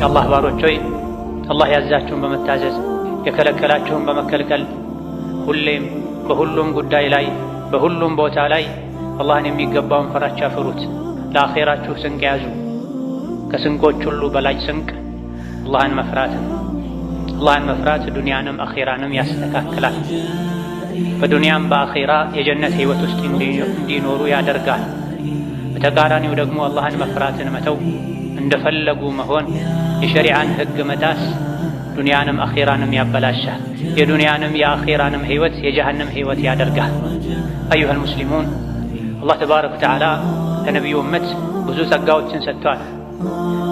የአላህ ባሮች ሆይ አላህ ያዛችሁን በመታዘዝ የከለከላችሁን በመከልከል ሁሌም በሁሉም ጉዳይ ላይ በሁሉም ቦታ ላይ አላህን የሚገባውን ፍራቻ ፍሩት። ለአኼራችሁ ስንቅ ያዙ። ከስንቆች ሁሉ በላይ ስንቅ አላህን መፍራት። አላህን መፍራት ዱንያንም አኼራንም ያስተካክላል። በዱንያም በአኼራ የጀነት ሕይወት ውስጥ እንዲኖሩ ያደርጋል። በተቃራኒው ደግሞ አላህን መፍራትን መተው እንደፈለጉ መሆን የሸሪዓን ህግ መጣስ ዱንያንም አኼራንም ያበላሻል። የዱንያንም የአኼራንም ህይወት የጀሃንም ህይወት ያደርጋል። አዩሃል ሙስሊሙን አላህ ተባረከ ወተዓላ ለነቢዩ እመት ብዙ ጸጋዎችን ሰጥቷል።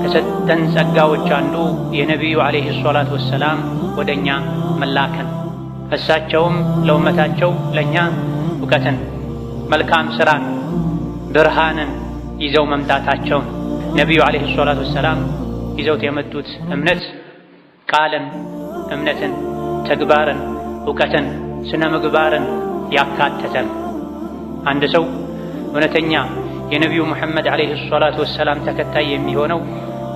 ከሰጠን ጸጋዎች አንዱ የነቢዩ ዓለይሂ ሰላት ወሰላም ወደ እኛ መላከን፣ እሳቸውም ለውመታቸው ለእኛ እውቀትን፣ መልካም ሥራን፣ ብርሃንን ይዘው መምጣታቸውን ነቢዩ ዓለይሂ ሰላቱ ወሰላም ይዘውት የመጡት እምነት ቃልን፣ እምነትን፣ ተግባርን፣ እውቀትን፣ ስነ ምግባርን ያካተተ ነው። አንድ ሰው እውነተኛ የነቢዩ ሙሐመድ ዓለይሂ ሰላቱ ወሰላም ተከታይ የሚሆነው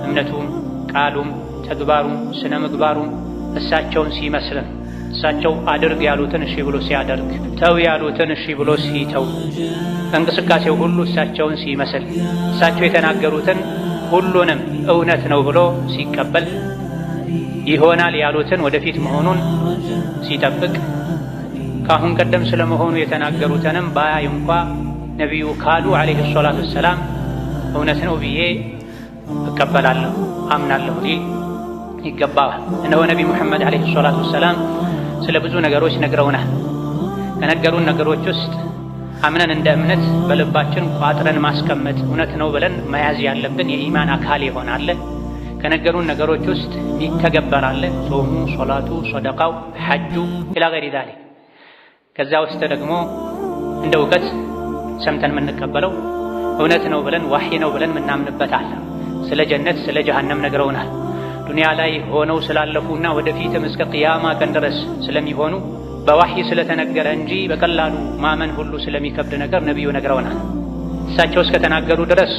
እምነቱም፣ ቃሉም፣ ተግባሩም፣ ስነ ምግባሩም እሳቸውን ሲመስልን እሳቸው አድርግ ያሉትን እሺ ብሎ ሲያደርግ፣ ተው ያሉትን እሺ ብሎ ሲተው፣ እንቅስቃሴው ሁሉ እሳቸውን ሲመስል፣ እሳቸው የተናገሩትን ሁሉንም እውነት ነው ብሎ ሲቀበል፣ ይሆናል ያሉትን ወደፊት መሆኑን ሲጠብቅ፣ ከአሁን ቀደም ስለመሆኑ የተናገሩትንም ባያይ እንኳ ነቢዩ ካሉ ዓለይሂ ሰላቱ ወሰላም እውነት ነው ብዬ እቀበላለሁ አምናለሁ ሊል ይገባዋል። እነሆ ነቢ ሙሐመድ ዓለይሂ ሰላቱ ወሰላም ስለ ብዙ ነገሮች ነግረውናል። ከነገሩን ነገሮች ውስጥ አምነን እንደ እምነት በልባችን ቋጥረን ማስቀመጥ እውነት ነው ብለን መያዝ ያለብን የኢማን አካል ይሆናል። ከነገሩን ነገሮች ውስጥ ይተገበራል። ጾሙ፣ ሶላቱ፣ ሶደቃው፣ ሐጁ ኢላ ገይሪ ዛሊክ። ከዛ ውስጥ ደግሞ እንደ እውቀት ሰምተን የምንቀበለው እውነት ነው ብለን ዋሒ ነው ብለን ምናምንበታል። ስለ ጀነት ስለ ጀሃነም ነግረውናል። ዱንያ ላይ ሆነው ስላለፉና ወደፊትም እስከ ቅያማ ቀን ድረስ ስለሚሆኑ በዋህይ ስለተነገረ እንጂ በቀላሉ ማመን ሁሉ ስለሚከብድ ነገር ነቢዩ ነግረውናል። እሳቸው እስከተናገሩ ድረስ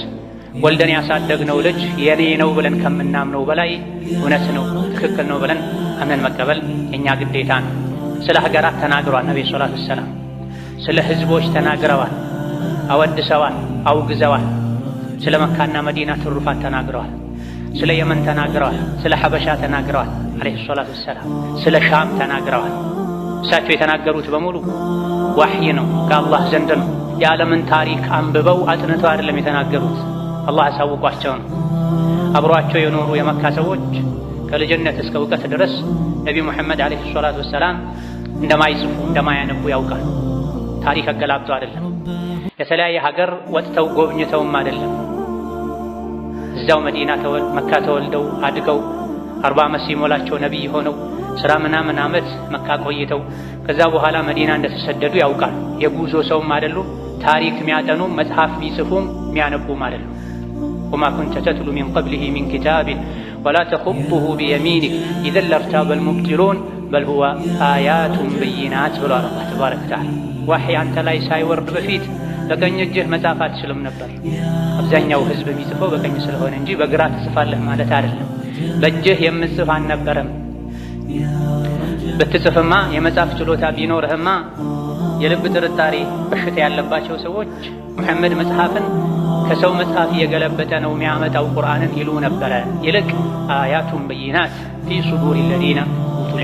ወልደን ያሳደግነው ልጅ የኔ ነው ብለን ከምናምነው በላይ እውነት ነው፣ ትክክል ነው ብለን አምነን መቀበል የእኛ ግዴታ ነው። ስለ ሀገራት ተናግሯል ነቢ ሰላት ሰላም። ስለ ህዝቦች ተናግረዋል፣ አወድሰዋል፣ አውግዘዋል። ስለ መካና መዲና ትሩፋት ተናግረዋል። ስለ የመን ተናግረዋል። ስለ ሐበሻ ተናግረዋል። አለይሂ ሰላቱ ወሰላም ስለ ሻም ተናግረዋል። እሳቸው የተናገሩት በሙሉ ወህይ ነው፣ ከአላህ ዘንድ ነው። የዓለምን ታሪክ አንብበው አጥንተው አይደለም የተናገሩት፣ አላህ ያሳውቋቸው ነው። አብሯቸው የኖሩ የመካ ሰዎች ከልጅነት እስከ እውቀት ድረስ ነቢ ሙሐመድ አለይሂ ሰላቱ ወሰላም እንደማይጽፉ እንደማያነቡ ያውቃል። ታሪክ አገላብጦ አይደለም የተለያየ ሀገር ወጥተው ጎብኝተውም አይደለም እዛው መዲና መካ ተወልደው አድገው አርባ ዓመት ሲሞላቸው ነቢይ ሆነው ስራ ምናምን ዓመት መካ ቆይተው ከዛ በኋላ መዲና እንደተሰደዱ ያውቃል። የጉዞ ሰውም አይደሉ፣ ታሪክ የሚያጠኑ መጽሐፍ ቢጽፉም የሚያነቡም አይደሉ። ወማ ኩንተ ተትሉ ሚን ቀብሊሂ ሚን ኪታብን ወላ ተኹጡሁ ቢየሚኒክ ኢዘን ለርታበል ሙብጢሉን በል ሁወ አያቱን በይናት ብሏል አላህ ተባረከ ወተዓላ። ዋሕይ አንተ ላይ ሳይወርድ በፊት በቀኝ እጅህ መጻፍ አትችልም ነበር። አብዛኛው ህዝብ የሚጽፈው በቀኝ ስለሆነ እንጂ በግራ ትጽፋለህ ማለት አይደለም። በእጅህ የምጽፍ አልነበረም። ብትጽፍማ የመጻፍ ችሎታ ቢኖርህማ የልብ ጥርጣሬ በሽታ ያለባቸው ሰዎች መሐመድ መጽሐፍን ከሰው መጽሐፍ እየገለበጠ ነው የሚያመጣው ቁርአንን ይሉ ነበረ። ይልቅ አያቱን በይናት ፊ ሱዱር ለዚነ ኡቱል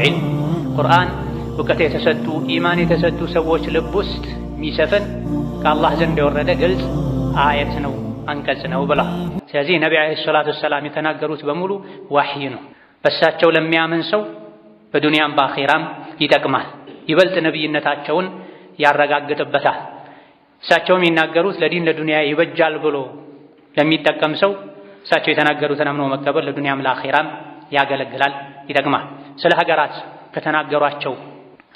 ቁርአን እውቀት የተሰጡ ኢማን የተሰጡ ሰዎች ልብ ውስጥ የሚሸፍን ከአላህ ዘንድ የወረደ ግልጽ አየት ነው፣ አንቀጽ ነው ብላ። ስለዚህ ነቢ ዓለይሂ ሰላቱ ወሰላም የተናገሩት በሙሉ ዋሕይ ነው። በእሳቸው ለሚያምን ሰው በዱንያም በአኼራም ይጠቅማል። ይበልጥ ነቢይነታቸውን ያረጋግጥበታል። እሳቸውም ይናገሩት ለዲን ለዱንያ ይበጃል ብሎ ለሚጠቀም ሰው እሳቸው የተናገሩትን አምኖ መቀበል ለዱንያም ለአኼራም ያገለግላል፣ ይጠቅማል። ስለ ሀገራት ከተናገሯቸው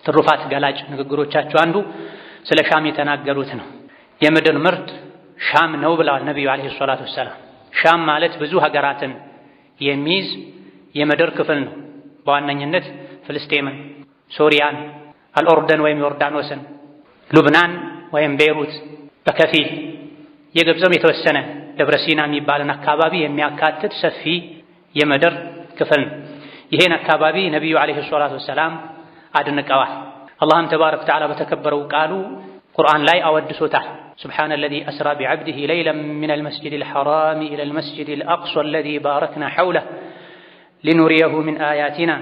ትሩፋት ገላጭ ንግግሮቻቸው አንዱ ስለ ሻም የተናገሩት ነው። የምድር ምርት ሻም ነው ብለዋል ነቢዩ ዓለይሂ ሰላቱ ወሰላም። ሻም ማለት ብዙ ሀገራትን የሚይዝ የምድር ክፍል ነው። በዋነኝነት ፍልስጤምን፣ ሶሪያን፣ አልኦርደን ወይም ዮርዳኖስን፣ ሉብናን ወይም ቤይሩት በከፊል የግብፅም የተወሰነ ደብረ ሲና የሚባልን አካባቢ የሚያካትት ሰፊ የምድር ክፍል ነው። ይሄን አካባቢ ነቢዩ ዓለይሂ ሰላቱ ወሰላም አድንቀዋል። አላህም ተባረክ ወተዓላ በተከበረው ቃሉ ቁርአን ላይ አወድሶታል። سبحان الذي أسرى بعبده ليلا من المسجد الحرام إلى المسجد الأقصى الذي باركنا حوله لنريه من آياتنا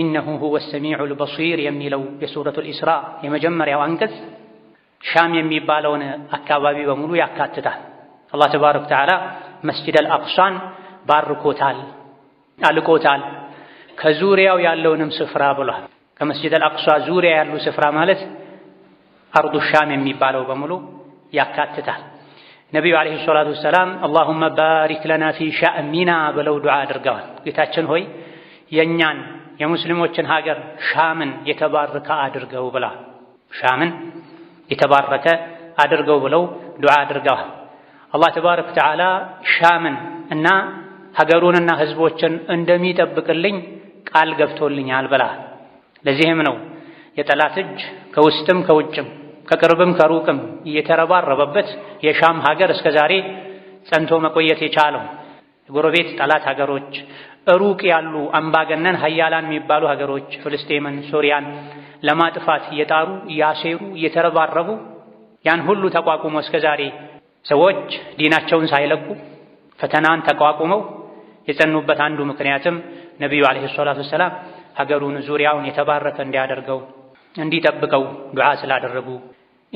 إنه هو السميع البصير የሚለው የሱረቱ الإسراء የመጀመሪያው አንቀጽ ሻም የሚባለውን አካባቢ በሙሉ ያካትታል። አላህ ተባረክ ወተዓላ መስጂድ አልአቅሷን ባርኮታል፣ አልቆታል፣ ከዙሪያው ያለውንም ስፍራ ብሏል። በመስጂድ አልአቅሷ ዙሪያ ያሉ ስፍራ ማለት አርዱ ሻም የሚባለው በሙሉ ያካትታል። ነቢዩ ዓለይሂ ሰላቱ ወሰላም አላሁመ ባሪክ ለና ፊ ሻእሚና ብለው ዱዓ አድርገዋል። ጌታችን ሆይ የእኛን የሙስሊሞችን ሀገር ሻምን የተባረከ አድርገው ብላ ሻምን የተባረከ አድርገው ብለው ዱዓ አድርገዋል። አላህ ተባረከ ወተዓላ ሻምን እና ሀገሩንና ህዝቦችን እንደሚጠብቅልኝ ቃል ገብቶልኛል ብላ። ለዚህም ነው የጠላት እጅ ከውስጥም ከውጭም ከቅርብም ከሩቅም እየተረባረበበት የሻም ሀገር እስከ ዛሬ ጸንቶ መቆየት የቻለው የጎረቤት ጠላት ሀገሮች፣ ሩቅ ያሉ አምባገነን ሀያላን የሚባሉ ሀገሮች ፍልስጤምን፣ ሶሪያን ለማጥፋት እየጣሩ እያሴሩ እየተረባረቡ ያን ሁሉ ተቋቁሞ እስከ ዛሬ ሰዎች ዲናቸውን ሳይለቁ ፈተናን ተቋቁመው የጸኑበት አንዱ ምክንያትም ነቢዩ ዓለይሂ ሰላቱ ወሰላም ሀገሩን ዙሪያውን የተባረከ እንዲያደርገው እንዲጠብቀው ዱዓ ስላደረጉ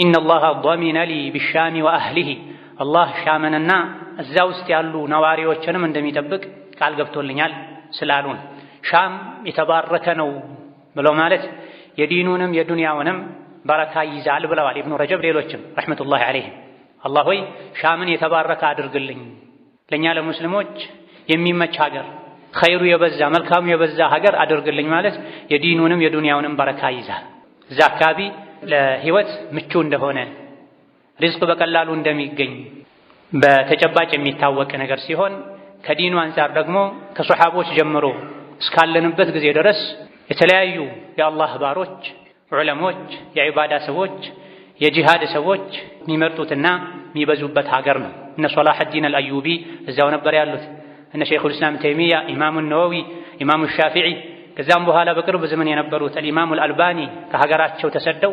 ኢነላሃ ዶሚነ ሊ ቢሻሚ ወአህሊሂ አላህ ሻምንና እዛ ውስጥ ያሉ ነዋሪዎችንም እንደሚጠብቅ ቃል ገብቶልኛል ስላሉን ሻም የተባረከ ነው ብለው ማለት የዲኑንም የዱንያውንም በረካ ይዛል ብለዋል ኢብኑ ረጀብ ሌሎችም ረሕመቱላሂ ዓለይሂም። አላህ ሆይ ሻምን የተባረከ አድርግልኝ፣ ለእኛ ለሙስሊሞች የሚመች ሀገር ኸይሩ የበዛ መልካሙ የበዛ ሀገር አድርግልኝ ማለት የዲኑንም የዱንያውንም በረካ ይዛል። እዛ አካባቢ ለህይወት ምቹ እንደሆነ ሪዝቅ በቀላሉ እንደሚገኝ በተጨባጭ የሚታወቅ ነገር ሲሆን ከዲኑ አንጻር ደግሞ ከሶሓቦች ጀምሮ እስካለንበት ጊዜ ድረስ የተለያዩ የአላህ ባሮች፣ ዑለሞች፣ የዒባዳ ሰዎች፣ የጂሃድ ሰዎች የሚመርጡትና የሚበዙበት ሀገር ነው። እነ ዲን አልአዩቢ እዚያው ነበር ያሉት። እነ ሸይኹል ኢስላም ተይሚያ፣ ኢማሙ ነወዊ፣ ኢማሙ ሻፊዒ ከዚያም በኋላ በቅርብ ዘመን የነበሩት አልኢማሙል አልባኒ ከሀገራቸው ተሰደው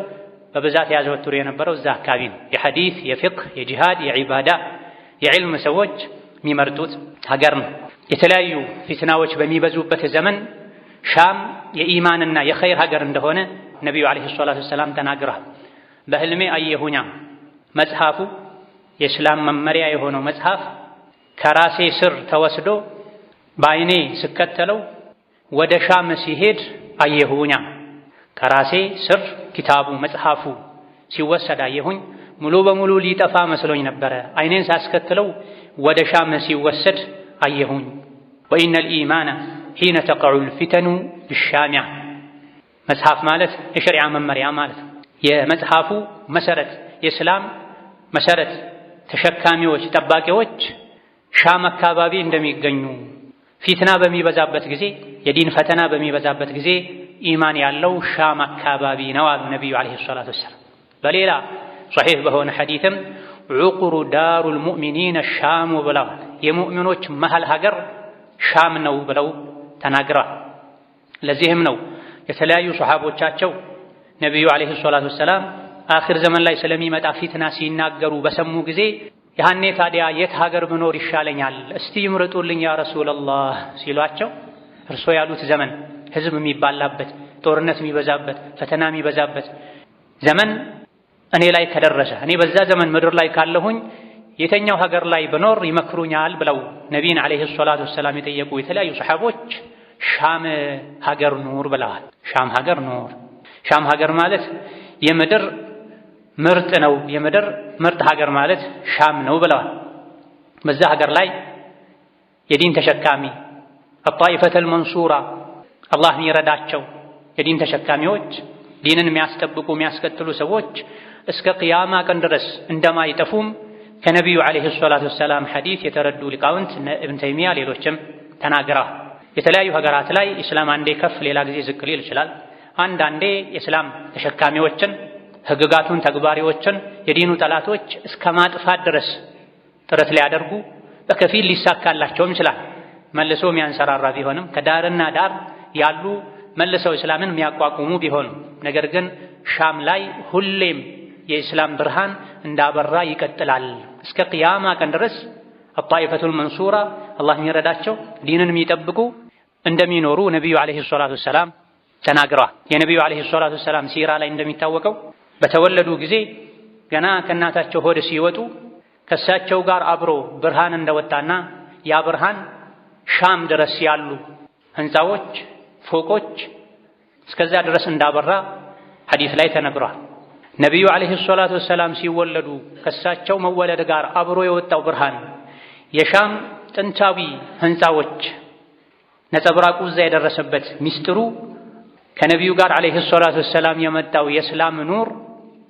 በብዛት ያዘወትሩ የነበረው እዛ አካባቢ ነው። የሐዲስ፣ የፊቅህ፣ የጂሃድ፣ የዒባዳ፣ የዕልም ሰዎች የሚመርጡት ሀገር ነው። የተለያዩ ፊትናዎች በሚበዙበት ዘመን ሻም የኢማንና የኸይር ሀገር እንደሆነ ነቢዩ ዓለይሂ ሰላቱ ወሰላም ተናግረዋል። በህልሜ አየሁኛ መጽሐፉ የእስላም መመሪያ የሆነው መጽሐፍ ከራሴ ስር ተወስዶ በአይኔ ስከተለው ወደ ሻም ሲሄድ አየሁኛ። ከራሴ ስር ኪታቡ መጽሐፉ ሲወሰድ አየሁኝ። ሙሉ በሙሉ ሊጠፋ መስሎኝ ነበረ። አይኔን ሳስከትለው ወደ ሻም ሲወሰድ አየሁኝ። ወኢነ ኢማና ሒነ ተቀዑ ልፊተኑ ብሻሚያ መጽሐፍ ማለት የሸሪዓ መመሪያ ማለት የመጽሐፉ መሰረት የእስላም መሰረት ተሸካሚዎች ጠባቂዎች ሻም አካባቢ እንደሚገኙ ፊትና በሚበዛበት ጊዜ የዲን ፈተና በሚበዛበት ጊዜ ኢማን ያለው ሻም አካባቢ ነው አሉ ነቢዩ ዓለይሂ ሰላቱ ወሰላም። በሌላ ሶሒሕ በሆነ ሐዲትም ዑቁሩ ዳሩል ሙእሚኒነ ሻሙ ብለዋል። የሙእሚኖች መሃል ሀገር ሻም ነው ብለው ተናግረዋል። ለዚህም ነው የተለያዩ ሰሓቦቻቸው ነቢዩ ዓለይሂ ሰላቱ ወሰላም አኺር ዘመን ላይ ስለሚመጣ ፊትና ሲናገሩ በሰሙ ጊዜ ያኔ ታዲያ የት ሀገር ብኖር ይሻለኛል? እስቲ ይምረጡልኝ ያ ረሱለላህ ሲሏቸው እርሶ ያሉት ዘመን ህዝብ የሚባላበት፣ ጦርነት የሚበዛበት፣ ፈተና የሚበዛበት ዘመን እኔ ላይ ከደረሰ እኔ በዛ ዘመን ምድር ላይ ካለሁኝ የተኛው ሀገር ላይ ብኖር ይመክሩኛል ብለው ነቢይን ዓለይሂ ሰላቱ ወሰላም የጠየቁ የተለያዩ ሰሓቦች ሻም ሀገር ኑር ብለዋል። ሻም ሀገር ኑር። ሻም ሀገር ማለት የምድር ምርጥ ነው የምድር ምርጥ ሀገር ማለት ሻም ነው ብለዋል። በዛ ሀገር ላይ የዲን ተሸካሚ አጣኢፈተል መንሱራ አላህ የሚረዳቸው የዲን ተሸካሚዎች ዲንን የሚያስጠብቁ የሚያስቀጥሉ ሰዎች እስከ ቅያማ ቀን ድረስ እንደማይጠፉም ከነቢዩ ዓለይሂ ሰላቱ ወሰላም ሐዲስ የተረዱ ሊቃውንት እነ ኢብን ተይሚያ ሌሎችም ተናግረዋል። የተለያዩ ሀገራት ላይ ኢስላም አንዴ ከፍ ሌላ ጊዜ ዝቅ ሊል ይችላል። አንዳንዴ የእስላም ተሸካሚዎችን ህግጋቱን ተግባሪዎችን የዲኑ ጠላቶች እስከ ማጥፋት ድረስ ጥረት ሊያደርጉ በከፊል ሊሳካላቸውም ይችላል። መልሶ የሚያንሰራራ ቢሆንም ከዳርና ዳር ያሉ መልሰው እስላምን የሚያቋቁሙ ቢሆኑ ነገር ግን ሻም ላይ ሁሌም የእስላም ብርሃን እንዳበራ ይቀጥላል። እስከ ቅያማ ቀን ድረስ አጣኢፈቱል መንሱራ አላህ የሚረዳቸው ዲንን የሚጠብቁ እንደሚኖሩ ነቢዩ ዓለይሂ ሰላቱ ወሰላም ተናግረዋል። የነቢዩ ዓለይሂ ሰላቱ ወሰላም ሲራ ላይ እንደሚታወቀው በተወለዱ ጊዜ ገና ከእናታቸው ሆድ ሲወጡ ከእሳቸው ጋር አብሮ ብርሃን እንደወጣና ያ ብርሃን ሻም ድረስ ያሉ ሕንፃዎች ፎቆች እስከዛ ድረስ እንዳበራ ሐዲስ ላይ ተነግሯል። ነቢዩ ዓለይሂ ሰላቱ ወሰላም ሲወለዱ ከእሳቸው መወለድ ጋር አብሮ የወጣው ብርሃን የሻም ጥንታዊ ህንፃዎች ነጸብራቁ እዛ የደረሰበት ሚስጥሩ ከነቢዩ ጋር ዓለይሂ ሰላቱ ወሰላም የመጣው የእስላም ኑር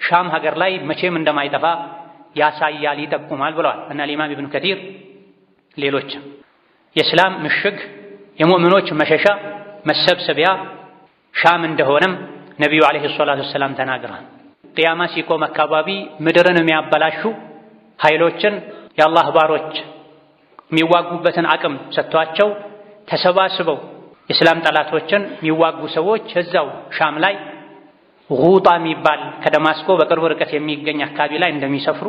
ሻም ሀገር ላይ መቼም እንደማይጠፋ ያሳያል፣ ይጠቁማል ብለዋል እና ለኢማም ኢብኑ ከቲር ሌሎችም የእስላም ምሽግ የሙእምኖች መሸሻ መሰብሰቢያ ሻም እንደሆነም ነቢዩ ዓለይሂ ሰላቱ ወሰላም ተናግረዋል። ቅያማ ሲቆም አካባቢ ምድርን የሚያበላሹ ኃይሎችን የአላህ ባሮች የሚዋጉበትን አቅም ሰጥቷቸው ተሰባስበው የእስላም ጠላቶችን የሚዋጉ ሰዎች እዛው ሻም ላይ ጉጣ የሚባል ከደማስቆ በቅርብ ርቀት የሚገኝ አካባቢ ላይ እንደሚሰፍሩ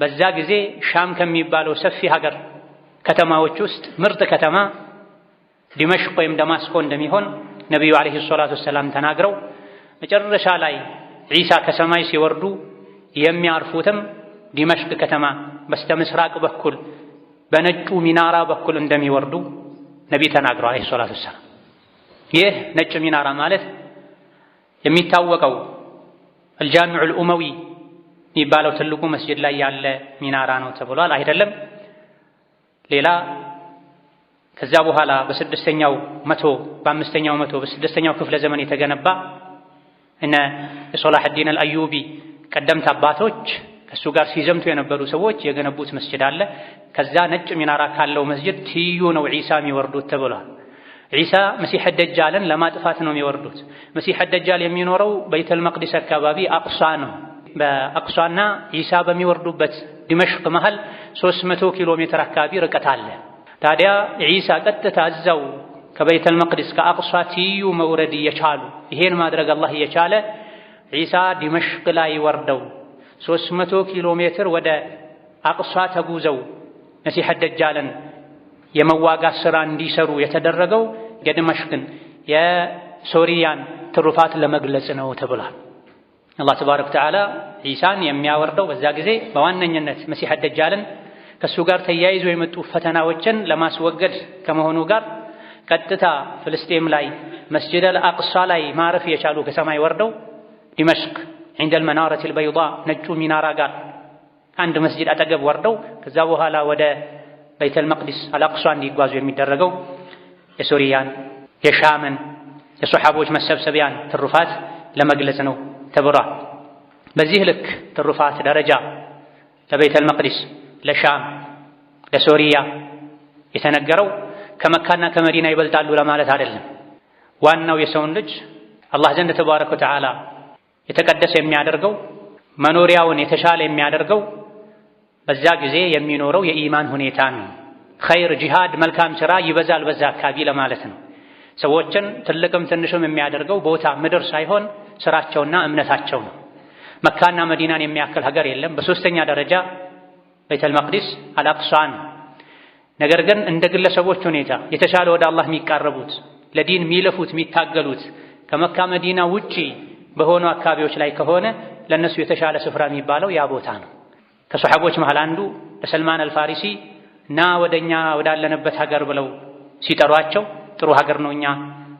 በዛ ጊዜ ሻም ከሚባለው ሰፊ ሀገር ከተማዎች ውስጥ ምርጥ ከተማ ዲመሽቅ ወይም ደማስቆ እንደሚሆን ነቢዩ ዓለይሂ ሰላቱ ወሰላም ተናግረው መጨረሻ ላይ ዒሳ ከሰማይ ሲወርዱ የሚያርፉትም ዲመሽቅ ከተማ በስተ ምስራቅ በኩል በነጩ ሚናራ በኩል እንደሚወርዱ ነቢ ተናግረው ዓለይሂ ሰላቱ ወሰላም። ይህ ነጭ ሚናራ ማለት የሚታወቀው አልጃሚዑል ኡመዊ የሚባለው ትልቁ መስጅድ ላይ ያለ ሚናራ ነው ተብሏል። አይደለም ሌላ ከዛ በኋላ በስድስተኛው መቶ በአምስተኛው መቶ በስድስተኛው ክፍለ ዘመን የተገነባ እነ የሶላህ አልአዩቢ ቀደምት አባቶች ከእሱ ጋር ሲዘምቱ የነበሩ ሰዎች የገነቡት መስጅድ አለ። ከዛ ነጭ ሚናራ ካለው መስጅድ ትይዩ ነው ዒሳ የሚወርዱት ተብሏል። عيسى مسيح الدجال لما تفاتنا ميوردوت مسيح الدجال يمينورو بيت المقدس الكبابي أقصانه بأقصانا عيسى بميوردو دمشق مهل سوسمتو كيلومتر كابي ركتال تاديا عيسى قد تتعزو كبيت المقدس كأقصى تيو يشالو هين ما درق الله يشاله عيسى دمشق لا يوردو سوسمتو كيلومتر ودا أقصى تقوزو مسيح الدجال يمواغا سران سرو يتدرقو የድመሽቅን የሶሪያን ትሩፋት ለመግለጽ ነው ተብሏል። አላህ ተባረከ ወተዓላ ዒሳን የሚያወርደው በዛ ጊዜ በዋነኝነት መሲህ ደጃልን ከእሱ ጋር ተያይዞ የመጡ ፈተናዎችን ለማስወገድ ከመሆኑ ጋር ቀጥታ ፍልስጤም ላይ መስጂድ አልአቅሳ ላይ ማረፍ የቻሉ ከሰማይ ወርደው ዲመሽክ ዒንደል መናረቲል በይዳ ነጩ ሚናራ ጋር አንድ መስጅድ አጠገብ ወርደው ከዛ በኋላ ወደ በይተል መቅዲስ አልአቅሷ እንዲጓዙ የሚደረገው የሶሪያን፣ የሻምን፣ የሶሓቦች መሰብሰቢያን ትሩፋት ለመግለጽ ነው ተብሏል። በዚህ ልክ ትሩፋት ደረጃ ለቤተል መቅዲስ፣ ለሻም፣ ለሶሪያ የተነገረው ከመካና ከመዲና ይበልጣሉ ለማለት አይደለም። ዋናው የሰውን ልጅ አላህ ዘንድ ተባረከ ወተዓላ የተቀደሰ የሚያደርገው መኖሪያውን የተሻለ የሚያደርገው በዛ ጊዜ የሚኖረው የኢማን ሁኔታ ነው። ኸይር ጂሃድ መልካም ሥራ ይበዛል በዛ አካባቢ ለማለት ነው። ሰዎችን ትልቅም ትንሽም የሚያደርገው ቦታ ምድር ሳይሆን ስራቸውና እምነታቸው ነው። መካና መዲናን የሚያክል ሀገር የለም። በሶስተኛ ደረጃ ቤተል መቅዲስ አልአቅሷን። ነገር ግን እንደ ግለሰቦች ሁኔታ የተሻለ ወደ አላህ የሚቃረቡት ለዲን የሚለፉት የሚታገሉት ከመካ መዲና ውጪ በሆኑ አካባቢዎች ላይ ከሆነ ለእነሱ የተሻለ ስፍራ የሚባለው ያ ቦታ ነው። ከሰሓቦች መሃል አንዱ ለሰልማን አልፋሪሲ ና ወደኛ ወዳለንበት ሀገር ብለው ሲጠሯቸው ጥሩ ሀገር ነው እኛ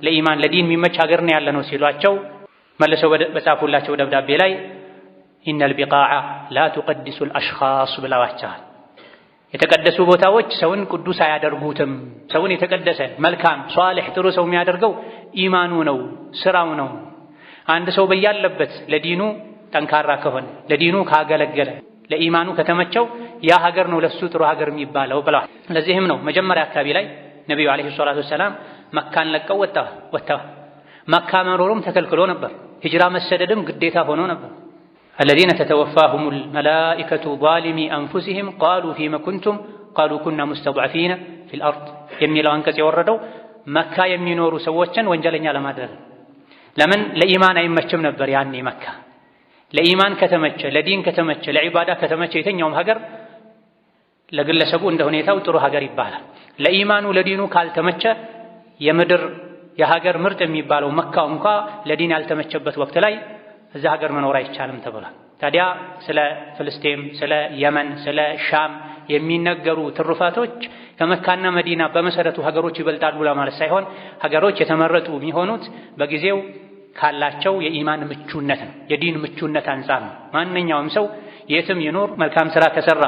ለኢማን ለዲን የሚመች ሀገር ነው ያለነው ሲሏቸው መልሰው በጻፉላቸው ደብዳቤ ላይ ኢነል ቢቃዓ ላ ቱቀድሱ አልአሽኻስ ብለዋቸዋል። የተቀደሱ ቦታዎች ሰውን ቅዱስ አያደርጉትም። ሰውን የተቀደሰ መልካም ሷልሕ ጥሩ ሰው የሚያደርገው ኢማኑ ነው፣ ስራው ነው። አንድ ሰው በያለበት ለዲኑ ጠንካራ ከሆነ ለዲኑ ካገለገለ ለኢማኑ ከተመቸው ያ ሀገር ነው ለሱ ጥሩ ሀገር የሚባለው ብለዋል። ለዚህም ነው መጀመሪያ አካባቢ ላይ ነቢዩ ዓለይሂ ሰላቱ ወሰላም መካን ለቀው ወጥተዋል መካ መኖሩም ተከልክሎ ነበር። ሂጅራ መሰደድም ግዴታ ሆኖ ነበር። አለዚነ ተተወፋሁሙል መላኢከቱ ዛሊሚ አንፉሲሂም ቃሉ ፊመ ኩንቱም ቃሉ ኩና ሙስተድዓፊነ ፊል አርድ የሚለው አንቀጽ የወረደው መካ የሚኖሩ ሰዎችን ወንጀለኛ ለማድረግ ለምን ለኢማን አይመችም ነበር ያኔ መካ ለኢማን ከተመቸ፣ ለዲን ከተመቸ፣ ለዒባዳ ከተመቸ የተኛውም ሀገር ለግለሰቡ እንደ ሁኔታው ጥሩ ሀገር ይባላል። ለኢማኑ ለዲኑ ካልተመቸ የምድር የሀገር ምርጥ የሚባለው መካው እንኳ ለዲን ያልተመቸበት ወቅት ላይ እዛ ሀገር መኖር አይቻልም ተብሏል። ታዲያ ስለ ፍልስጤም፣ ስለ የመን፣ ስለ ሻም የሚነገሩ ትሩፋቶች ከመካና መዲና በመሰረቱ ሀገሮች ይበልጣሉ ለማለት ሳይሆን ሀገሮች የተመረጡ የሚሆኑት በጊዜው ካላቸው የኢማን ምቹነት ነው፣ የዲን ምቹነት አንጻር ነው። ማንኛውም ሰው የትም ይኖር መልካም ስራ ከሰራ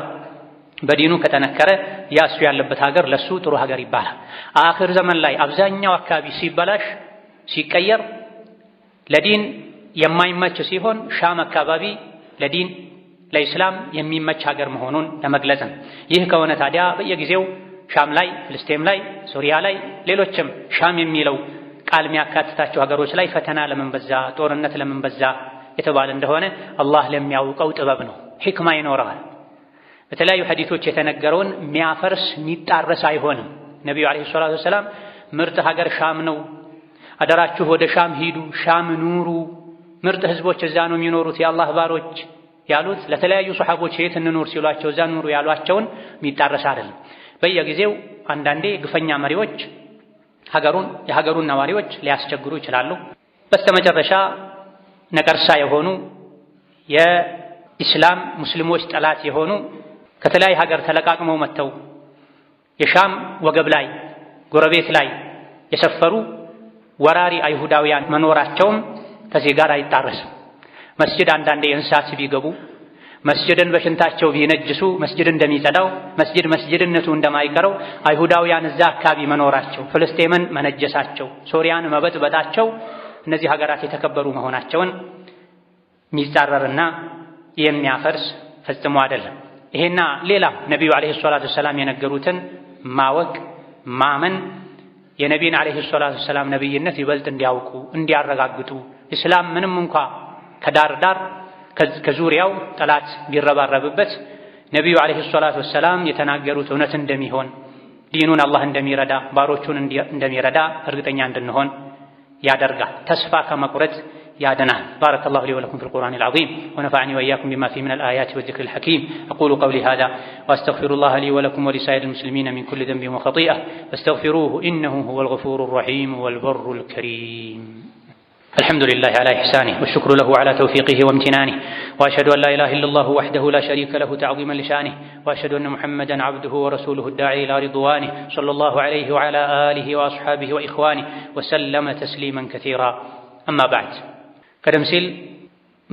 በዲኑ ከተነከረ ያ እሱ ያለበት ሀገር ለሱ ጥሩ ሀገር ይባላል። አክር ዘመን ላይ አብዛኛው አካባቢ ሲበላሽ ሲቀየር ለዲን የማይመች ሲሆን ሻም አካባቢ ለዲን ለኢስላም የሚመች ሀገር መሆኑን ለመግለጽ ነው። ይህ ከሆነ ታዲያ በየጊዜው ሻም ላይ፣ ፍልስጤም ላይ፣ ሱሪያ ላይ ሌሎችም ሻም የሚለው ቃል የሚያካትታቸው ሀገሮች ላይ ፈተና በዛ፣ ጦርነት በዛ የተባለ እንደሆነ አላህ ለሚያውቀው ጥበብ ነው፣ ሂክማ ይኖረዋል። በተለያዩ ሐዲቶች የተነገረውን ሚያፈርስ ሚጣረስ አይሆንም። ነቢዩ ዓለይሂ ሰላቱ ወሰላም ምርጥ ሀገር ሻም ነው፣ አደራችሁ ወደ ሻም ሂዱ፣ ሻም ኑሩ፣ ምርጥ ህዝቦች እዛ ነው የሚኖሩት የአላህ ባሮች ያሉት ለተለያዩ ሰሓቦች የት እንኑር ሲሏቸው እዛ ኑሩ ያሏቸውን ሚጣረስ አይደለም። በየጊዜው አንዳንዴ ግፈኛ መሪዎች ሀገሩን የሀገሩን ነዋሪዎች ሊያስቸግሩ ይችላሉ። በስተመጨረሻ ነቀርሳ የሆኑ የኢስላም ሙስሊሞች ጠላት የሆኑ ከተለያየ ሀገር ተለቃቅመው መጥተው የሻም ወገብ ላይ ጎረቤት ላይ የሰፈሩ ወራሪ አይሁዳውያን መኖራቸውም ከዚህ ጋር አይጣረስም። መስጅድ አንዳንዴ የእንስሳት ቢገቡ መስጅድን በሽንታቸው ቢነጅሱ መስጅድ እንደሚጸዳው መስጅድ መስጅድነቱ እንደማይቀረው አይሁዳውያን እዛ አካባቢ መኖራቸው፣ ፍልስጤምን መነጀሳቸው፣ ሶሪያን መበጥበጣቸው እነዚህ ሀገራት የተከበሩ መሆናቸውን የሚጻረርና የሚያፈርስ ፈጽሞ አይደለም። ይሄና ሌላ ነቢዩ ዓለይሂ ሰላቱ ወሰላም የነገሩትን ማወቅ ማመን የነቢይን ዓለይሂ ሰላቱ ወሰላም ነቢይነት ይበልጥ እንዲያውቁ እንዲያረጋግጡ እስላም ምንም እንኳ ከዳር ዳር ከዙሪያው ጠላት ቢረባረብበት ነቢዩ ዓለይሂ ሰላቱ ወሰላም የተናገሩት እውነት እንደሚሆን ዲኑን አላህ እንደሚረዳ ባሮቹን እንደሚረዳ እርግጠኛ እንድንሆን ያደርጋል። ተስፋ ከመቁረጥ ያድናል። ባረከ ላሁ ሊ ወለኩም ፊል ቁርአን አልዓዚም ወነፈዐኒ ወኢያኩም ቢማ ፊህ ሚነል አያት ወዚክሪል ሐኪም አቁሉ ቀውሊ ሃዛ ወአስተግፊሩላህ ሊ ወለኩም ወሊሳኢሪል ሙስሊሚን ሚን ኩሊ ዘንቢን ወኸጢአ ፈስተግፊሩሁ ኢነሁ ሁወል ገፉሩር ረሒም ወል በሩል ከሪም الحمد لله على إحسانه والشكر له على توفيقه وامتنانه وأشهد أن لا إله إلا الله وحده لا شريك له تعظيما لشانه وأشهد أن محمدا عبده ورسوله الداعي إلى رضوانه صلى الله عليه وعلى آله وأصحابه وإخوانه وسلم تسليما كثيرا أما بعد كدم بكفيل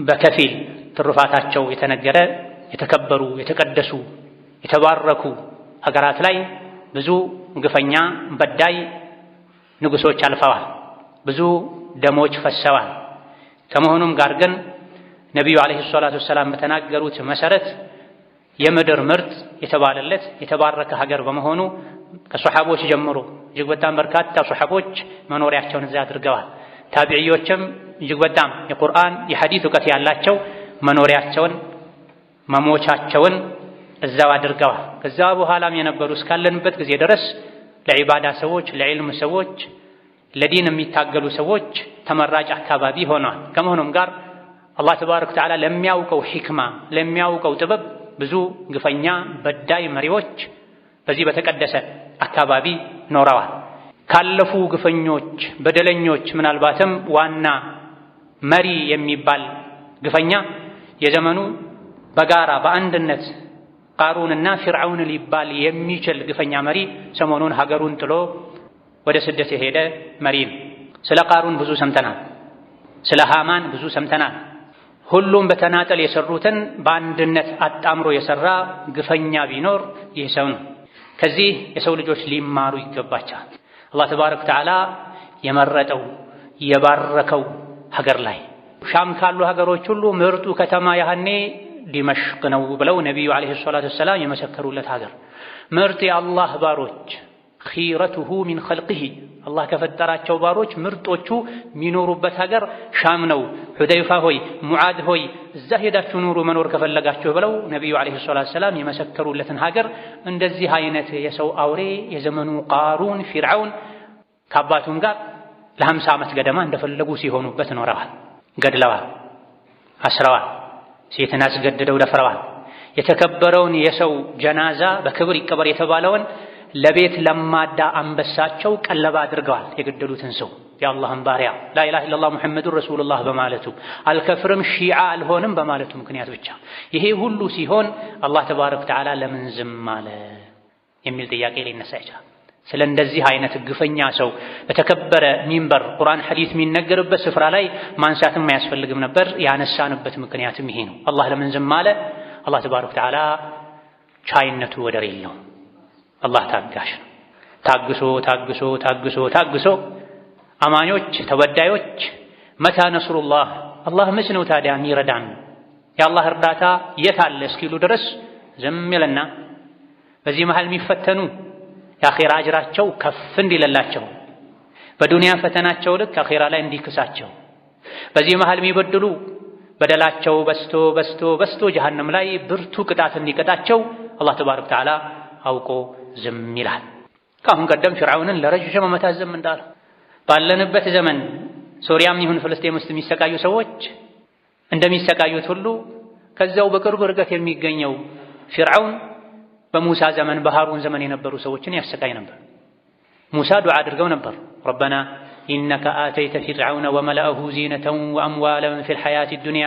በከፊል ትሩፋታቸው يتنجر يتكبروا يتقدسوا يتباركوا أقرات لي بزو قفنيا بداي نقصوا አልፈዋል بزو ደሞች ፈሰዋል። ከመሆኑም ጋር ግን ነቢዩ ዓለይሂ ሰላቱ ወሰላም በተናገሩት መሰረት የምድር ምርጥ የተባለለት የተባረከ ሀገር በመሆኑ ከሶሐቦች ጀምሮ እጅግ በጣም በርካታ ሶሐቦች መኖሪያቸውን እዚያ አድርገዋል። ታቢዕዮችም እጅግ በጣም የቁርአን የሐዲት እውቀት ያላቸው መኖሪያቸውን መሞቻቸውን እዛው አድርገዋል። ከዛ በኋላም የነበሩ እስካለንበት ጊዜ ድረስ ለዒባዳ ሰዎች ለዕልም ሰዎች ለዲን የሚታገሉ ሰዎች ተመራጭ አካባቢ ሆነዋል። ከመሆኑም ጋር አላህ ተባረከ ወተዓላ ለሚያውቀው ሂክማ ለሚያውቀው ጥበብ ብዙ ግፈኛ በዳይ መሪዎች በዚህ በተቀደሰ አካባቢ ኖረዋል። ካለፉ ግፈኞች በደለኞች ምናልባትም ዋና መሪ የሚባል ግፈኛ የዘመኑ በጋራ በአንድነት ቃሩንና ፊርዓውን ሊባል የሚችል ግፈኛ መሪ ሰሞኑን ሀገሩን ጥሎ ወደ ስደት የሄደ መሪ ነው። ስለ ቃሩን ብዙ ሰምተናል። ስለ ሃማን ብዙ ሰምተናል። ሁሉም በተናጠል የሰሩትን በአንድነት አጣምሮ የሰራ ግፈኛ ቢኖር ይህ ሰው ነው። ከዚህ የሰው ልጆች ሊማሩ ይገባቸዋል። አላህ ተባረከ ወተዓላ የመረጠው የባረከው ሀገር ላይ ሻም ካሉ ሀገሮች ሁሉ ምርጡ ከተማ ያህኔ ዲመሽቅ ነው ብለው ነቢዩ ዓለይሂ ሰላቱ ወሰላም የመሰከሩለት ሀገር ምርጥ የአላህ ባሮች ኺረቱሁ ሚን ኸልቂሂ አላህ ከፈጠራቸው ባሮች ምርጦቹ የሚኖሩበት ሀገር ሻም ነው። ሑደይፋ ሆይ ሙዓድ ሆይ እዛ ሄዳችሁ ኑሩ መኖር ከፈለጋችሁ ብለው ነቢዩ ዓለይሂ ሰላቱ ወሰላም የመሰከሩለትን ሀገር እንደዚህ አይነት የሰው አውሬ የዘመኑ ቃሩን ፊርዓውን ከአባቱም ጋር ለሃምሳ ዓመት ገደማ እንደፈለጉ ሲሆኑበት ኖረዋል። ገድለዋል፣ አስረዋል፣ ሴትን አስገድደው ደፍረዋል። የተከበረውን የሰው ጀናዛ በክብር ይቀበር የተባለውን ለቤት ለማዳ አንበሳቸው ቀለባ አድርገዋል የገደሉትን ሰው የአላህን ባሪያ ላኢላሃ ኢለላህ ሙሐመዱን ረሱሉላህ በማለቱ አልከፍርም ሺዓ አልሆንም በማለቱ ምክንያት ብቻ ይሄ ሁሉ ሲሆን አላህ ተባረከ ወተዓላ ለምን ዝም አለ የሚል ጥያቄ ሊነሳ ይችላል። ስለ እንደዚህ አይነት ግፈኛ ሰው በተከበረ ሚንበር ቁርአን ሐዲስ የሚነገርበት ስፍራ ላይ ማንሳትም አያስፈልግም ነበር። ያነሳንበት ምክንያትም ይሄ ነው። አላህ ለምን ዝም አለ? አላህ ተባረከ ወተዓላ ቻይነቱ ወደር የለውም። አላህ ታጋሽ ነው። ታግሶ ታግሶ ታግሶ ታግሶ አማኞች ተበዳዮች መታ ነስሩላህ አላህ መች ነው ታዲያ የሚረዳን የአላህ እርዳታ የት አለ እስኪሉ ድረስ ዝም ይለና በዚህ መሃል የሚፈተኑ የአኼራ አጅራቸው ከፍ እንዲለላቸው በዱንያ ፈተናቸው ልክ አኼራ ላይ እንዲክሳቸው በዚህ መሃል የሚበድሉ በደላቸው በስቶ በስቶ በስቶ ጀሃንም ላይ ብርቱ ቅጣት እንዲቀጣቸው አላህ ተባረክ ተዓላ አውቆ ዝም ይላል። ከአሁን ቀደም ፍርዓውንን ለረጅም ዓመታት ዝም እንዳለ ባለንበት ዘመን ሶሪያም ይሁን ፍልስጤም ውስጥ የሚሰቃዩ ሰዎች እንደሚሰቃዩት ሁሉ ከዚያው በቅርብ ርቀት የሚገኘው ፊርዓውን በሙሳ ዘመን በሃሩን ዘመን የነበሩ ሰዎችን ያሰቃይ ነበር። ሙሳ ዱዓ አድርገው ነበር። ረበና ኢነከ አተይተ ፊርዓውነ ወመላአሁ ዚነተን ወአምዋለን ፊልሐያቲ ዱንያ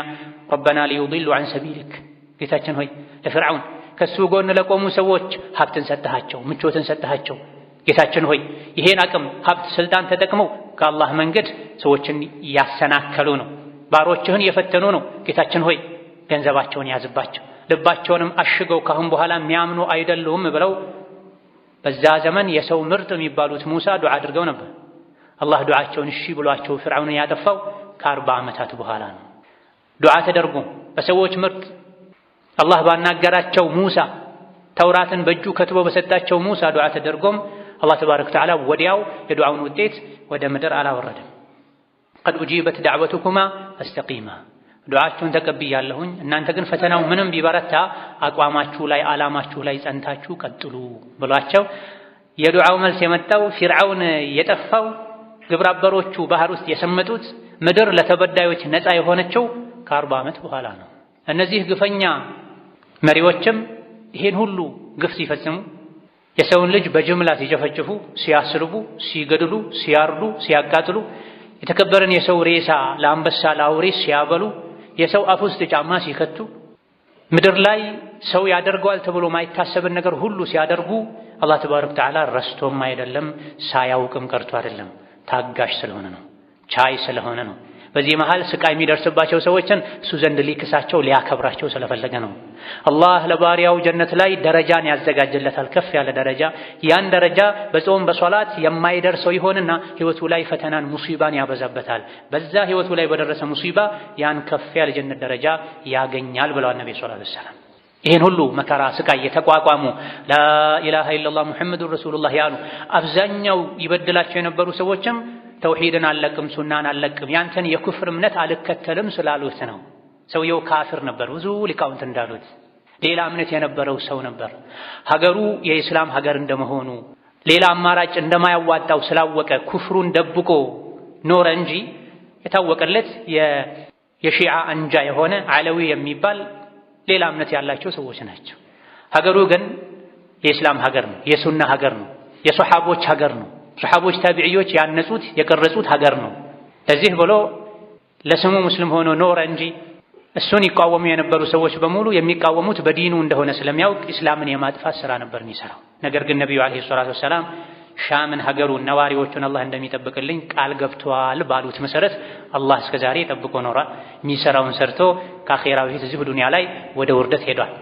ረበና ሊዩድሉ ዐን ሰቢልክ። ጌታችን ሆይ ለፊርዓውን ከሱ ጎን ለቆሙ ሰዎች ሀብትን ሰጠሃቸው፣ ምቾትን ሰጠሃቸው። ጌታችን ሆይ ይሄን አቅም፣ ሀብት፣ ስልጣን ተጠቅመው ከአላህ መንገድ ሰዎችን እያሰናከሉ ነው፣ ባሮችህን እየፈተኑ ነው። ጌታችን ሆይ ገንዘባቸውን ያዝባቸው፣ ልባቸውንም አሽገው ካሁን በኋላ የሚያምኑ አይደሉም ብለው በዛ ዘመን የሰው ምርጥ የሚባሉት ሙሳ ዱዓ አድርገው ነበር። አላህ ዱዓቸውን እሺ ብሏቸው ፍርዓውንን ያጠፋው ከአርባ ዓመታት በኋላ ነው። ዱዓ ተደርጎ በሰዎች ምርጥ አላህ ባናገራቸው ሙሳ ተውራትን በእጁ ከትቦ በሰጣቸው ሙሳ ዱዓ ተደርጎም አላህ ተባረከ ወተዓላ ወዲያው የዱዓውን ውጤት ወደ ምድር አላወረድም። ቀድ ኡጂበት ዳዕወቱኩማ ፈስተቂማ ዱዓችሁን ተቀብያለሁኝ፣ እናንተ ግን ፈተናው ምንም ቢበረታ አቋማችሁ ላይ ዓላማችሁ ላይ ጸንታችሁ ቀጥሉ ብሏቸው የዱዓው መልስ የመጣው ፊርዓውን የጠፋው ግብረ ባህር ውስጥ የሰመጡት ምድር ለተበዳዮች ነፃ የሆነችው ከአርባ ዓመት በኋላ ነው። እነዚህ ግፈኛ መሪዎችም ይሄን ሁሉ ግፍ ሲፈጽሙ የሰውን ልጅ በጅምላ ሲጨፈጭፉ፣ ሲያስርቡ፣ ሲገድሉ፣ ሲያርዱ፣ ሲያቃጥሉ የተከበረን የሰው ሬሳ ለአንበሳ ለአውሬ ሲያበሉ የሰው አፍ ውስጥ ጫማ ሲከቱ ምድር ላይ ሰው ያደርገዋል ተብሎ ማይታሰብን ነገር ሁሉ ሲያደርጉ አላህ ተባረክ ወተዓላ ረስቶም አይደለም ሳያውቅም ቀርቶ አይደለም። ታጋሽ ስለሆነ ነው። ቻይ ስለሆነ ነው። በዚህ መሃል ስቃይ የሚደርስባቸው ሰዎችን እሱ ዘንድ ሊክሳቸው ሊያከብራቸው ስለፈለገ ነው። አላህ ለባሪያው ጀነት ላይ ደረጃን ያዘጋጀለታል፣ ከፍ ያለ ደረጃ። ያን ደረጃ በጾም በሶላት የማይደርሰው ይሆንና ህይወቱ ላይ ፈተናን ሙሲባን ያበዛበታል። በዛ ህይወቱ ላይ በደረሰ ሙሲባ ያን ከፍ ያለ ጀነት ደረጃ ያገኛል ብለዋል ነቢ ሰለላሁ ዐለይሂ ይህን ሁሉ መከራ ስቃይ የተቋቋሙ ላኢላሃ ኢለላህ ሙሐመዱን ረሱሉላህ ያሉ አብዛኛው ይበድላቸው የነበሩ ሰዎችም ተውሂድን አለቅም ሱናን አለቅም ያንተን የኩፍር እምነት አልከተልም ስላሉት ነው። ሰውየው ካፍር ነበር። ብዙ ሊቃውንት እንዳሉት ሌላ እምነት የነበረው ሰው ነበር። ሀገሩ የኢስላም ሀገር እንደመሆኑ ሌላ አማራጭ እንደማያዋጣው ስላወቀ ኩፍሩን ደብቆ ኖረ እንጂ የታወቀለት የሺዓ አንጃ የሆነ አለዊ የሚባል ሌላ እምነት ያላቸው ሰዎች ናቸው። ሀገሩ ግን የኢስላም ሀገር ነው፣ የሱና ሀገር ነው፣ የሶሓቦች ሀገር ነው። ሰሓቦች ታቢዕዮች ያነጹት የቀረጹት ሀገር ነው። ለዚህ ብሎ ለስሙ ሙስሊም ሆኖ ኖረ እንጂ እሱን ይቃወሙ የነበሩ ሰዎች በሙሉ የሚቃወሙት በዲኑ እንደሆነ ስለሚያውቅ እስላምን የማጥፋት ስራ ነበር የሚሰራው። ነገር ግን ነቢዩ ዓለይሂ ሰላቱ ወሰላም ሻምን ሀገሩን ነዋሪዎቹን አላህ እንደሚጠብቅልኝ ቃል ገብተዋል ባሉት መሰረት አላህ እስከ ዛሬ ጠብቆ ኖሯል። የሚሰራውን ሰርቶ ከአኼራ በፊት እዚሁ ዱንያ ላይ ወደ ውርደት ሄዷል።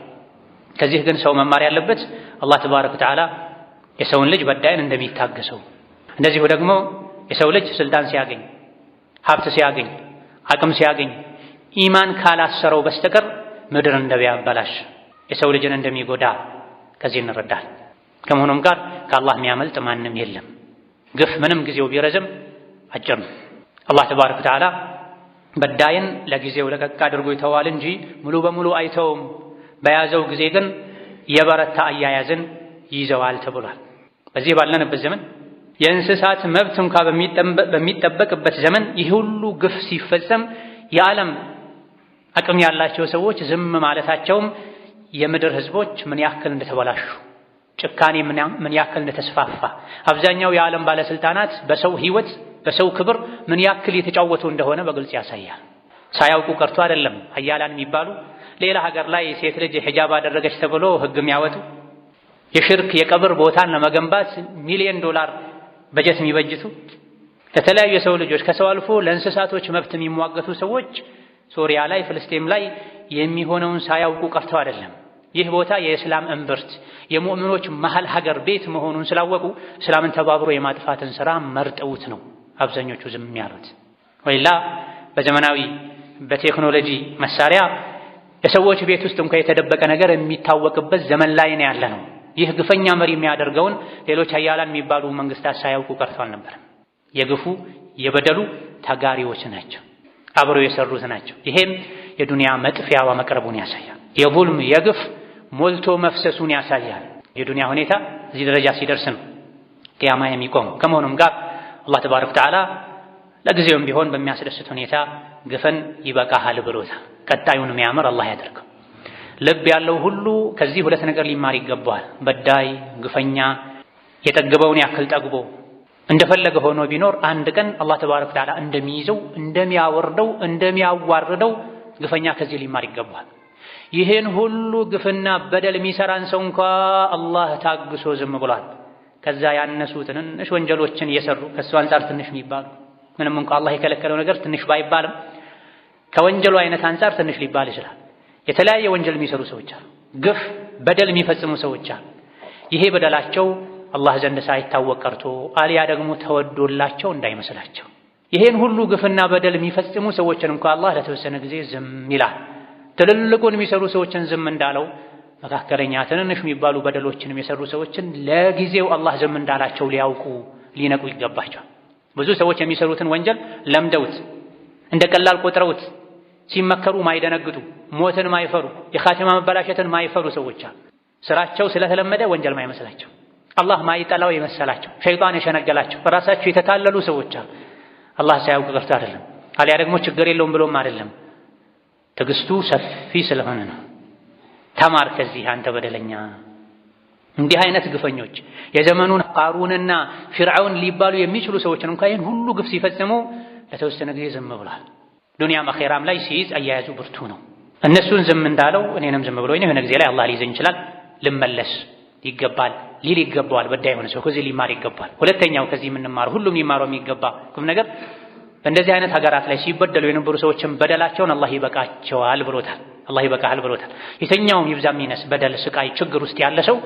ከዚህ ግን ሰው መማር ያለበት አላህ ተባረከ ወተዓላ የሰውን ልጅ በዳይን እንደሚታገሰው እንደዚሁ ደግሞ የሰው ልጅ ስልጣን ሲያገኝ፣ ሀብት ሲያገኝ፣ አቅም ሲያገኝ ኢማን ካላሰረው በስተቀር ምድር እንደሚያበላሽ የሰው ልጅን እንደሚጎዳ ከዚህ እንረዳል። ከመሆኑም ጋር ከአላህ የሚያመልጥ ማንም የለም። ግፍ ምንም ጊዜው ቢረዝም አጭር ነው። አላህ ተባረከ ወተዓላ በዳይን ለጊዜው ለቀቅ አድርጎ ይተዋል እንጂ ሙሉ በሙሉ አይተውም። በያዘው ጊዜ ግን የበረታ አያያዝን ይዘዋል ተብሏል። በዚህ ባለንበት ዘመን የእንስሳት መብት እንኳ በሚጠበቅበት ዘመን ይህ ሁሉ ግፍ ሲፈጸም የዓለም አቅም ያላቸው ሰዎች ዝም ማለታቸውም የምድር ህዝቦች ምን ያክል እንደተበላሹ፣ ጭካኔ ምን ያክል እንደተስፋፋ፣ አብዛኛው የዓለም ባለስልጣናት በሰው ህይወት በሰው ክብር ምን ያክል የተጫወቱ እንደሆነ በግልጽ ያሳያል። ሳያውቁ ቀርቶ አይደለም ሀያላን የሚባሉ ሌላ ሀገር ላይ ሴት ልጅ ሂጃብ አደረገች ተብሎ ህግ የሚያወጡ የሽርክ የቀብር ቦታን ለመገንባት ሚሊዮን ዶላር በጀት የሚበጅቱ ለተለያዩ የሰው ልጆች ከሰው አልፎ ለእንስሳቶች መብት የሚሟገቱ ሰዎች ሶሪያ ላይ ፍልስጤም ላይ የሚሆነውን ሳያውቁ ቀርተው አይደለም። ይህ ቦታ የእስላም እምብርት የሙእምኖች መሀል ሀገር ቤት መሆኑን ስላወቁ እስላምን ተባብሮ የማጥፋትን ስራ መርጠውት ነው አብዛኞቹ ዝም ያሉት። ወይላ በዘመናዊ በቴክኖሎጂ መሳሪያ የሰዎች ቤት ውስጥ እንኳ የተደበቀ ነገር የሚታወቅበት ዘመን ላይ ነው ያለ ነው። ይህ ግፈኛ መሪ የሚያደርገውን ሌሎች አያላን የሚባሉ መንግስታት ሳያውቁ ቀርቶ ነበር። የግፉ የበደሉ ተጋሪዎች ናቸው፣ አብረው የሰሩት ናቸው። ይሄም የዱንያ መጥፊያዋ መቅረቡን ያሳያል። የቡልም የግፍ ሞልቶ መፍሰሱን ያሳያል። የዱንያ ሁኔታ እዚህ ደረጃ ሲደርስ ነው ቅያማ የሚቆመው። ከመሆኑም ጋር አላህ ተባረክ ወተዓላ ለጊዜውም ቢሆን በሚያስደስት ሁኔታ ግፍን ይበቃሃል ብሎታል። ቀጣዩን የሚያምር አላህ ያደርገው። ልብ ያለው ሁሉ ከዚህ ሁለት ነገር ሊማር ይገባዋል። በዳይ ግፈኛ፣ የጠገበውን ያክል ጠግቦ እንደፈለገ ሆኖ ቢኖር አንድ ቀን አላህ ተባረከ ወተዓላ እንደሚይዘው፣ እንደሚያወርደው፣ እንደሚያዋርደው ግፈኛ ከዚህ ሊማር ይገባዋል። ይህን ሁሉ ግፍና በደል የሚሰራን ሰው እንኳ አላህ ታግሶ ዝም ብሏል። ከዛ ያነሱ ትንንሽ ወንጀሎችን እየሰሩ ከሱ አንጻር ትንሽ የሚባሉ ምንም እንኳ አላህ የከለከለው ነገር ትንሽ ባይባልም ከወንጀሉ አይነት አንጻር ትንሽ ሊባል ይችላል። የተለያየ ወንጀል የሚሰሩ ሰዎች አሉ። ግፍ በደል የሚፈጽሙ ሰዎች አሉ። ይሄ በደላቸው አላህ ዘንድ ሳይታወቅ ቀርቶ አልያ ደግሞ ተወዶላቸው እንዳይመስላቸው። ይሄን ሁሉ ግፍና በደል የሚፈጽሙ ሰዎችን እንኳ አላህ ለተወሰነ ጊዜ ዝም ይላል። ትልልቁን የሚሰሩ ሰዎችን ዝም እንዳለው መካከለኛ፣ ትንንሽ የሚባሉ በደሎችንም የሰሩ ሰዎችን ለጊዜው አላህ ዝም እንዳላቸው ሊያውቁ ሊነቁ ይገባቸዋል። ብዙ ሰዎች የሚሰሩትን ወንጀል ለምደውት እንደ ቀላል ቆጥረውት ሲመከሩ ማይደነግጡ፣ ሞትን ማይፈሩ፣ የኻቲማ መበላሸትን ማይፈሩ ሰዎች አሉ። ስራቸው ስለተለመደ ወንጀል ማይመስላቸው፣ አላህ ማይጠላው የመሰላቸው፣ ሸይጣን የሸነገላቸው፣ ራሳቸው የተታለሉ ሰዎች አሉ። አላህ ሳያውቅ ቀርቶ አይደለም፣ አሊያ ደግሞ ችግር የለውም ብሎም አይደለም። ትዕግስቱ ሰፊ ስለሆነ ነው። ተማር ከዚህ አንተ በደለኛ። እንዲህ አይነት ግፈኞች የዘመኑን ቃሩንና ፊርዓውን ሊባሉ የሚችሉ ሰዎችን እንኳ ይህን ሁሉ ግፍ ሲፈጽሙ ለተወሰነ ጊዜ ዝም ብሏል። ዱንያ አኼራም ላይ ሲይዝ አያያዙ ብርቱ ነው። እነሱን ዝም እንዳለው እኔንም ዝም ብሎ የሆነ ጊዜ ላይ አላህ ሊይዘኝ ይችላል፣ ልመለስ ይገባል ሊል ይገባዋል። በዳይ የሆነ ሰው ከዚህ ሊማር ይገባል። ሁለተኛው ከዚህ የምንማር ሁሉም ሊማረው የሚገባ ቁም ነገር በእንደዚህ አይነት ሀገራት ላይ ሲበደሉ የነበሩ ሰዎችን በደላቸውን አላህ ይበቃቸዋል ብሎታል። አላህ ይበቃሃል ብሎታል። የትኛውም ይብዛ የሚነስ በደል፣ ስቃይ፣ ችግር ውስጥ ያለ ሰው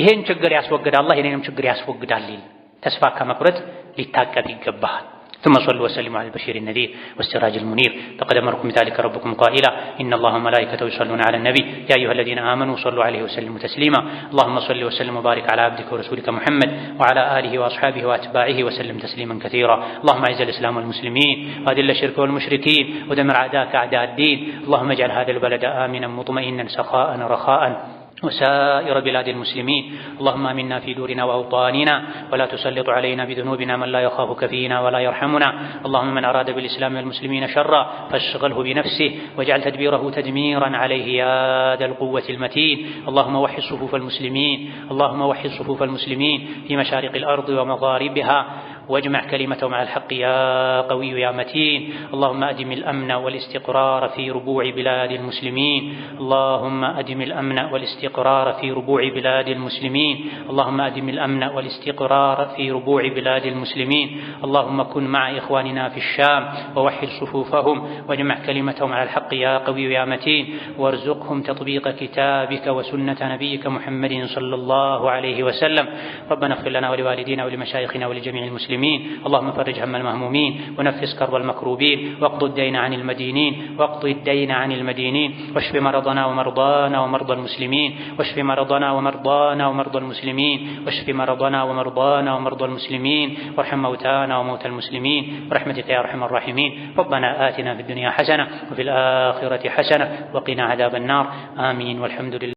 ይሄን ችግር ያስወግዳል አላህ የኔንም ችግር ያስወግዳል ሊል ተስፋ ከመቁረጥ ሊታቀብ ይገባሃል። ثم صلوا وسلموا على البشير النذير والسراج المنير لقد امركم بذلك ربكم قائلا ان الله وملائكته يصلون على النبي يا ايها الذين امنوا صلوا عليه وسلموا تسليما اللهم صل وسلم وبارك على عبدك ورسولك محمد وعلى اله واصحابه واتباعه وسلم تسليما كثيرا اللهم اعز الاسلام والمسلمين واذل الشرك والمشركين ودمر اعداءك اعداء الدين اللهم اجعل هذا البلد امنا مطمئنا سخاء رخاء وسائر بلاد المسلمين اللهم امنا في دورنا واوطاننا ولا تسلط علينا بذنوبنا من لا يخافك فينا ولا يرحمنا اللهم من اراد بالاسلام والمسلمين شرا فاشغله بنفسه واجعل تدبيره تدميرا عليه يا ذا القوه المتين اللهم وحد صفوف المسلمين اللهم وحد صفوف المسلمين في مشارق الارض ومغاربها واجمع كلمته مع الحق يا قوي يا متين اللهم أدم الأمن والاستقرار في ربوع بلاد المسلمين اللهم أدم الأمن والاستقرار في ربوع بلاد المسلمين اللهم أدم الأمن والاستقرار في ربوع بلاد المسلمين اللهم كن مع إخواننا في الشام ووحد صفوفهم واجمع كلمتهم على الحق يا قوي يا متين وارزقهم تطبيق كتابك وسنة نبيك محمد صلى الله عليه وسلم ربنا اغفر لنا ولوالدينا ولمشايخنا ولجميع المسلمين المسلمين اللهم فرج هم المهمومين ونفس كرب المكروبين واقض الدين عن المدينين واقض الدين عن المدينين واشف مرضنا ومرضانا ومرضى المسلمين واشف مرضنا ومرضانا ومرضى المسلمين واشف مرضنا ومرضانا ومرضى المسلمين وارحم موتانا وموتى المسلمين برحمتك يا ارحم الراحمين ربنا آتنا في الدنيا حسنة وفي الآخرة حسنة وقنا عذاب النار آمين والحمد لله